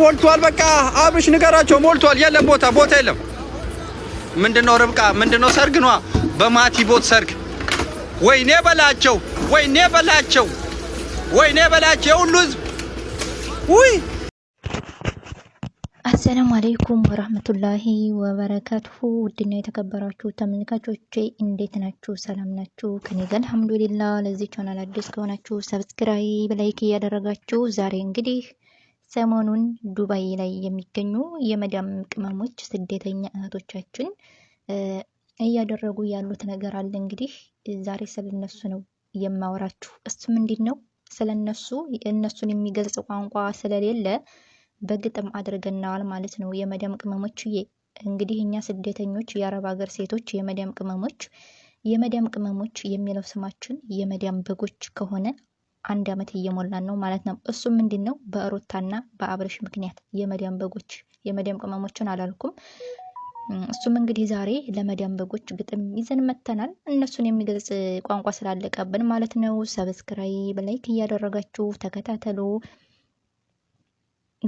ሞልቷል። በቃ አብሽ ንገራቸው ሞልቷል። የለም ቦታ ቦታ የለም። ምንድነው ርብቃ ምንድነው ሰርግ ነዋ። በማቲ ቦት ሰርግ። ወይኔ በላቸው ወይኔ በላቸው ወይኔ በላቸው የሁሉ ህዝብ ውይ አሰላሙ አሌይኩም ወረህመቱላሂ ወበረከቱሁ ውድና የተከበራችሁ ተመልካቾቼ እንዴት ናችሁ? ሰላም ናችሁ? ከኔ ጋር አልሐምዱሊላ። ለዚህ ቻናል አዲስ ከሆናችሁ ሰብስክራይብ፣ ላይክ እያደረጋችሁ ዛሬ እንግዲህ ሰሞኑን ዱባይ ላይ የሚገኙ የመዳም ቅመሞች ስደተኛ እህቶቻችን እያደረጉ ያሉት ነገር አለ። እንግዲህ ዛሬ ስለ እነሱ ነው የማወራችሁ። እሱም እንዴት ነው ስለ እነሱ እነሱን የሚገልጽ ቋንቋ ስለሌለ በግጥም አድርገናዋል ማለት ነው። የመዳም ቅመሞች እንግዲህ እኛ ስደተኞች የአረብ ሀገር ሴቶች የመዳም ቅመሞች የመዳም ቅመሞች የሚለው ስማችን የመዳም በጎች ከሆነ አንድ ዓመት እየሞላን ነው ማለት ነው። እሱም ምንድን ነው በሩታና በአብረሽ ምክንያት የመዲያም በጎች የመዲያም ቅመሞችን አላልኩም። እሱም እንግዲህ ዛሬ ለመዲያም በጎች ግጥም ይዘን መተናል። እነሱን የሚገልጽ ቋንቋ ስላለቀብን ማለት ነው። ሰብስክራይብ፣ ላይክ እያደረጋችሁ ተከታተሉ።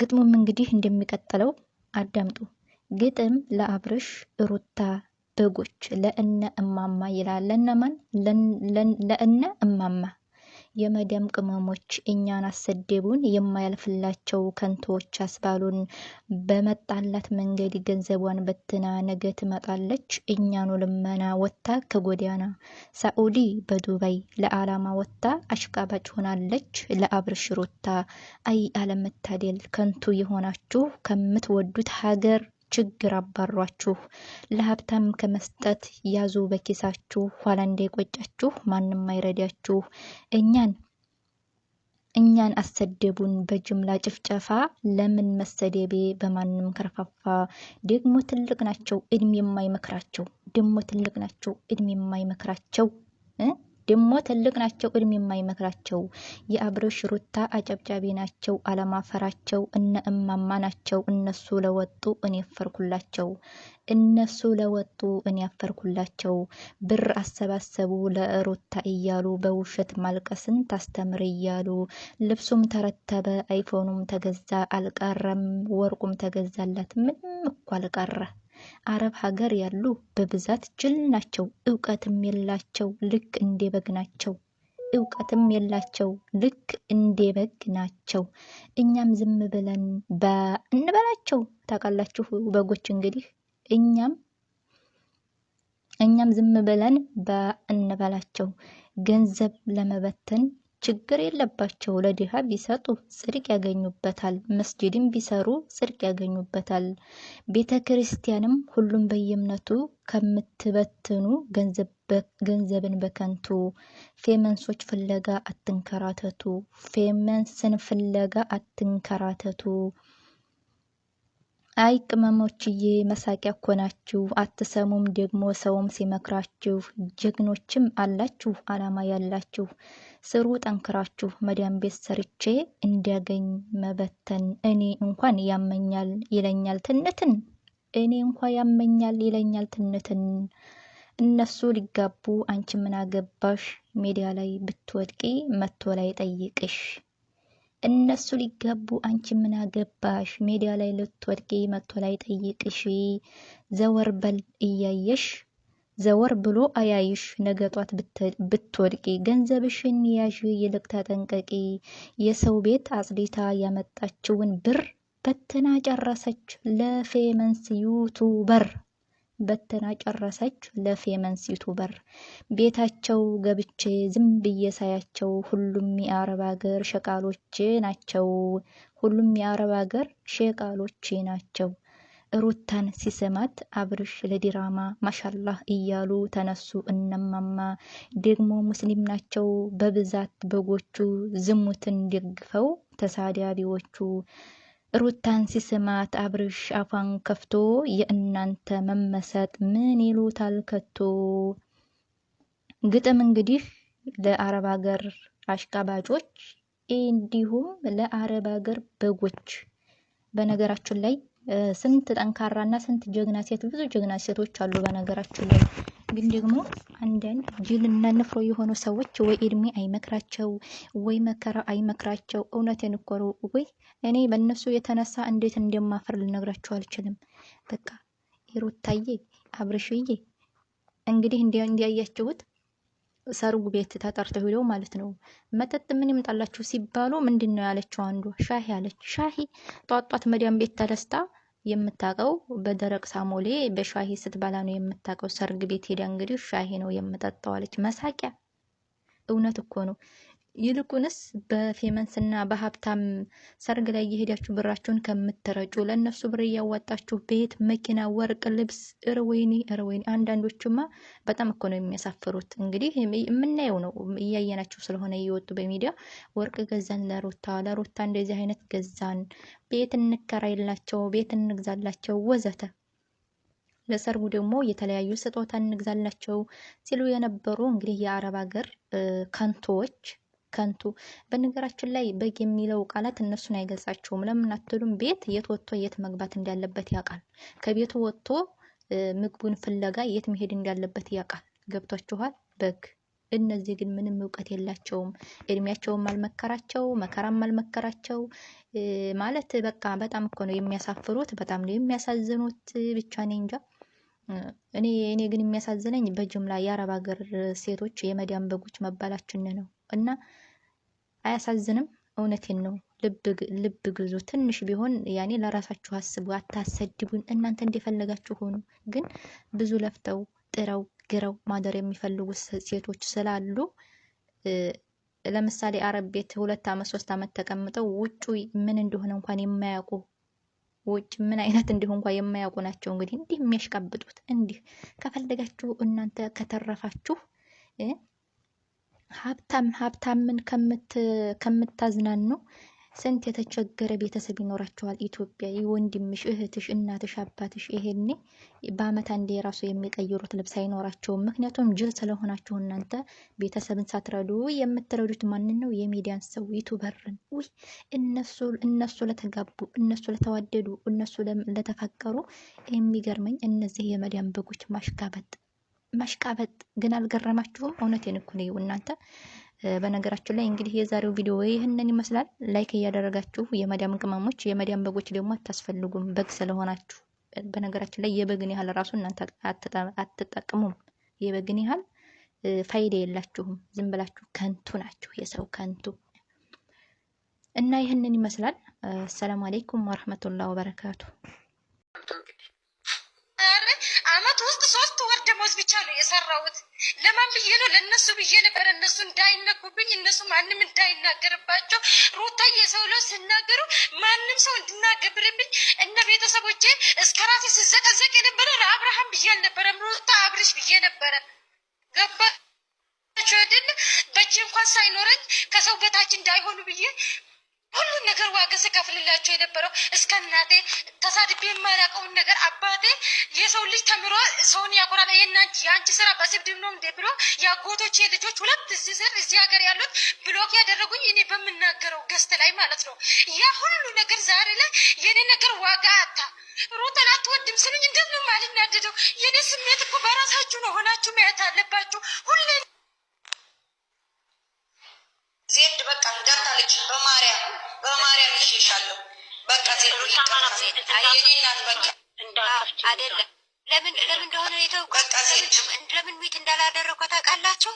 ግጥሙም እንግዲህ እንደሚቀጥለው አዳምጡ። ግጥም ለአብረሽ ሩታ በጎች ለእነ እማማ ይላል። ማን? ለእነ እማማ የመደም ቅመሞች እኛን አሰደቡን የማያልፍላቸው ከንቶዎች አስባሉን። በመጣላት መንገድ ገንዘቧን በትና ነገ ትመጣለች እኛኑ ልመና ወጥታ ከጎዳና ሳኡዲ በዱባይ ለዓላማ ወጥታ አሽቃባጭ ሆናለች ለአብርሽ ሩታ። አይ አለመታደል ከንቱ የሆናችሁ ከምትወዱት ሀገር ችግር አባሯችሁ፣ ለሀብታም ከመስጠት ያዙ በኪሳችሁ፣ ኋላ እንዳይቆጫችሁ፣ ማንም አይረዳችሁ፣ እኛን እኛን አሰደቡን በጅምላ ጭፍጨፋ፣ ለምን መሰደቤ በማንም ከርፋፋ። ደግሞ ትልቅ ናቸው እድሜ የማይመክራቸው ደግሞ ትልቅ ናቸው እድሜ የማይመክራቸው ደሞ ትልቅ ናቸው፣ እድሜ የማይመክራቸው የአብርሽ ሩታ አጨብጫቢ ናቸው፣ አለማፈራቸው እነ እማማ ናቸው። እነሱ ለወጡ እኔ አፈርኩላቸው፣ እነሱ ለወጡ እኔ አፈርኩላቸው። ብር አሰባሰቡ ለሩታ እያሉ በውሸት ማልቀስን ታስተምር እያሉ ልብሱም ተረተበ፣ አይፎኑም ተገዛ፣ አልቀረም ወርቁም ተገዛላት፣ ምንም እኮ አልቀረ። አረብ ሀገር ያሉ በብዛት ጅል ናቸው። እውቀትም የላቸው ልክ እንደ በግ ናቸው። እውቀትም የላቸው ልክ እንደ በግ ናቸው። እኛም ዝም ብለን እንበላቸው። ታውቃላችሁ በጎች እንግዲህ እኛም እኛም ዝም ብለን በእንበላቸው ገንዘብ ለመበተን ችግር የለባቸው። ለድሃ ቢሰጡ ጽድቅ ያገኙበታል። መስጅድም ቢሰሩ ጽድቅ ያገኙበታል። ቤተ ክርስቲያንም ሁሉም በየእምነቱ ከምትበትኑ ገንዘብን በከንቱ ፌመንሶች ፍለጋ አትንከራተቱ። ፌመንስን ፍለጋ አትንከራተቱ። አይ ቅመሞችዬ መሳቂያ እኮ ናችሁ፣ አትሰሙም ደግሞ ሰውም ሲመክራችሁ። ጀግኖችም አላችሁ አላማ ያላችሁ፣ ስሩ ጠንክራችሁ። መዳም ቤት ሰርቼ እንዲያገኝ መበተን እኔ እንኳን ያመኛል ይለኛል ትንትን፣ እኔ እንኳ ያመኛል ይለኛል ትንትን። እነሱ ሊጋቡ አንቺ ምን አገባሽ? ሜዲያ ላይ ብትወድቂ መቶ ላይ ጠይቅሽ እነሱ ሊጋቡ አንቺ ምን አገባሽ? ሜዳ ላይ ልትወድቂ መጥቶ ላይ ጠይቅሽ ዘወር በል እያየሽ ዘወር ብሎ አያይሽ። ነገ ጧት ብትወድቂ ገንዘብሽን ያዥ፣ ይልቅ ተጠንቀቂ። የሰው ቤት አጽዲታ ያመጣችውን ብር በትና ጨረሰች። ለፌመንስ ዩቱበር በትና ጨረሰች። ለፌመን ሲቱ በር ቤታቸው ገብቼ ዝም ብዬ ሳያቸው ሁሉም የአረብ አገር ሸቃሎች ናቸው። ሁሉም የአረብ አገር ሸቃሎች ናቸው። ሩታን ሲሰማት አብርሽ ለዲራማ ማሻላህ እያሉ ተነሱ። እነማማ ደግሞ ሙስሊም ናቸው በብዛት በጎቹ ዝሙትን ደግፈው ተሳዳቢዎቹ ሩታን ሲስማት አብርሽ አፏን ከፍቶ የእናንተ መመሰጥ ምን ይሉታል ከቶ። ግጥም እንግዲህ ለአረብ ሀገር አሽቃባጮች እንዲሁም ለአረብ ሀገር በጎች። በነገራችን ላይ ስንት ጠንካራና ስንት ጀግና ሴት ብዙ ጀግና ሴቶች አሉ። በነገራችን ላይ ግን ደግሞ አንዳንድ ጅልና ንፍሮ የሆኑ ሰዎች ወይ እድሜ አይመክራቸው ወይ መከራ አይመክራቸው። እውነት የንኮሩ ወይ እኔ በእነሱ የተነሳ እንዴት እንደማፈር ልነግራቸው አልችልም። በቃ ሩታዬ፣ አብርሽዬ እንግዲህ እንዲያያችሁት ሰርጉ ቤት ተጠርተው ሄደው ማለት ነው። መጠጥ ምን ይምጣላችሁ ሲባሉ ምንድን ነው ያለችው? አንዷ ሻሂ አለች። ሻሂ ጧጧት መዲያም ቤት ተደስታ? የምታውቀው በደረቅ ሳሞሌ በሻሂ ስትበላ ነው የምታውቀው። ሰርግ ቤት ሄዳ እንግዲህ ሻሂ ነው የምጠጣው አለች። መሳቂያ! እውነት እኮ ነው። ይልቁንስ በፌመንስ እና በሀብታም ሰርግ ላይ የሄዳችሁ ብራችሁን ከምትረጩ ለእነሱ ብር እያዋጣችሁ ቤት፣ መኪና፣ ወርቅ፣ ልብስ እርወይኒ እርወይኒ። አንዳንዶቹማ በጣም እኮ ነው የሚያሳፍሩት። እንግዲህ የምናየው ነው እያየናቸው ስለሆነ እየወጡ በሚዲያ ወርቅ ገዛን ለሮታ ለሮታ እንደዚህ አይነት ገዛን፣ ቤት እንከራይላቸው፣ ቤት እንግዛላቸው ወዘተ ለሰርጉ ደግሞ የተለያዩ ስጦታ እንግዛላቸው ሲሉ የነበሩ እንግዲህ የአረብ ሀገር ከንቶዎች ከንቱ። በነገራችን ላይ በግ የሚለው ቃላት እነሱን አይገልጻቸውም። ለምን አትሉም? ቤት የት ወጥቶ የት መግባት እንዳለበት ያውቃል። ከቤቱ ወጥቶ ምግቡን ፍለጋ የት መሄድ እንዳለበት ያውቃል። ገብቷችኋል? በግ እነዚህ ግን ምንም እውቀት የላቸውም። እድሜያቸውም አልመከራቸው፣ መከራም አልመከራቸው። ማለት በቃ በጣም እኮ ነው የሚያሳፍሩት፣ በጣም ነው የሚያሳዝኑት። ብቻ እኔ እንጃ። እኔ እኔ ግን የሚያሳዝነኝ በጅምላ የአረብ ሀገር ሴቶች የመዳም በጎች መባላችን ነው እና አያሳዝንም? እውነቴን ነው። ልብ ግዙ። ትንሽ ቢሆን ያኔ ለራሳችሁ አስቡ፣ አታሰድቡን። እናንተ እንደፈለጋችሁ ሆኑ። ግን ብዙ ለፍተው ጥረው ግረው ማደር የሚፈልጉ ሴቶች ስላሉ ለምሳሌ አረብ ቤት ሁለት አመት ሶስት አመት ተቀምጠው ውጩ ምን እንደሆነ እንኳን የማያውቁ ውጭ ምን አይነት እንዲሁ እንኳ የማያውቁ ናቸው። እንግዲህ እንዲህ የሚያሽቃብጡት እንዲህ ከፈለጋችሁ እናንተ ከተረፋችሁ ሀብታም ሀብታምን ከምታዝናኑ ስንት የተቸገረ ቤተሰብ ይኖራቸዋል ኢትዮጵያ። ወንድምሽ፣ እህትሽ፣ እናትሽ፣ አባትሽ ይሄኔ በአመት አንዴ የራሱ የሚቀይሩት ልብስ አይኖራቸውም። ምክንያቱም ጅል ስለሆናችሁ እናንተ ቤተሰብን ሳትረዱ የምትረዱት ማንን ነው? የሚዲያን ሰው ዩቱበርን። ውይ እነሱ ለተጋቡ እነሱ ለተዋደዱ እነሱ ለተፋቀሩ የሚገርመኝ እነዚህ የመዲያን በጎች ማሽቃበጥ ማሽቃበጥ ግን አልገረማችሁም? እውነቴን እኮ ነው እናንተ በነገራችን ላይ እንግዲህ የዛሬው ቪዲዮ ይህንን ይመስላል። ላይክ እያደረጋችሁ የመዳም ቅመሞች የመዳም በጎች ደግሞ አታስፈልጉም በግ ስለሆናችሁ። በነገራችን ላይ የበግን ያህል ራሱ እናንተ አትጠቅሙም። የበግን ያህል ፋይዳ የላችሁም። ዝም ብላችሁ ከንቱ ናችሁ፣ የሰው ከንቱ እና ይህንን ይመስላል። አሰላሙ አሌይኩም ወረህመቱላህ ወበረካቱ። ሶስት ሶስት ወር ደሞዝ ብቻ ነው የሰራሁት። ለማን ብዬ ነው? ለእነሱ ብዬ ነበር፣ እነሱ እንዳይነኩብኝ፣ እነሱ ማንም እንዳይናገርባቸው። ሩታ የሰው ለው ስናገሩ ማንም ሰው እንድናገብርብኝ እነ ቤተሰቦቼ እስከ ራሴ ስዘቀዘቅ የነበረ ለአብርሃም ብዬ አልነበረም፣ ሩታ አብርሽ ብዬ ነበረ። ገባ ድን በእጅ እንኳን ሳይኖረኝ ከሰው በታች እንዳይሆኑ ብዬ ሁሉን ነገር ዋጋ ስከፍልላቸው የነበረው እስከ እናቴ ተሳድቤ የማያውቀውን ነገር አባቴ የሰው ልጅ ተምሮ ሰውን ያኮራል። የአንቺ ስራ በስድብ ነው እንዴ ብሎ የአጎቶች ልጆች ሁለት ስር እዚህ ሀገር ያሉት ብሎክ ያደረጉኝ እኔ በምናገረው ገስት ላይ ማለት ነው። ያ ሁሉ ነገር ዛሬ ላይ የኔ ነገር ዋጋ አታ ሩተን አትወድም ስሉኝ እንደምንም ነው የማልናደደው? የኔ ስሜት እኮ በራሳችሁ ነው ሆናችሁ ማየት አለባችሁ። ለምን ለምን እንደሆነ የተውኩት ለምን ሚት እንዳላደረግኩ ታውቃላችሁ?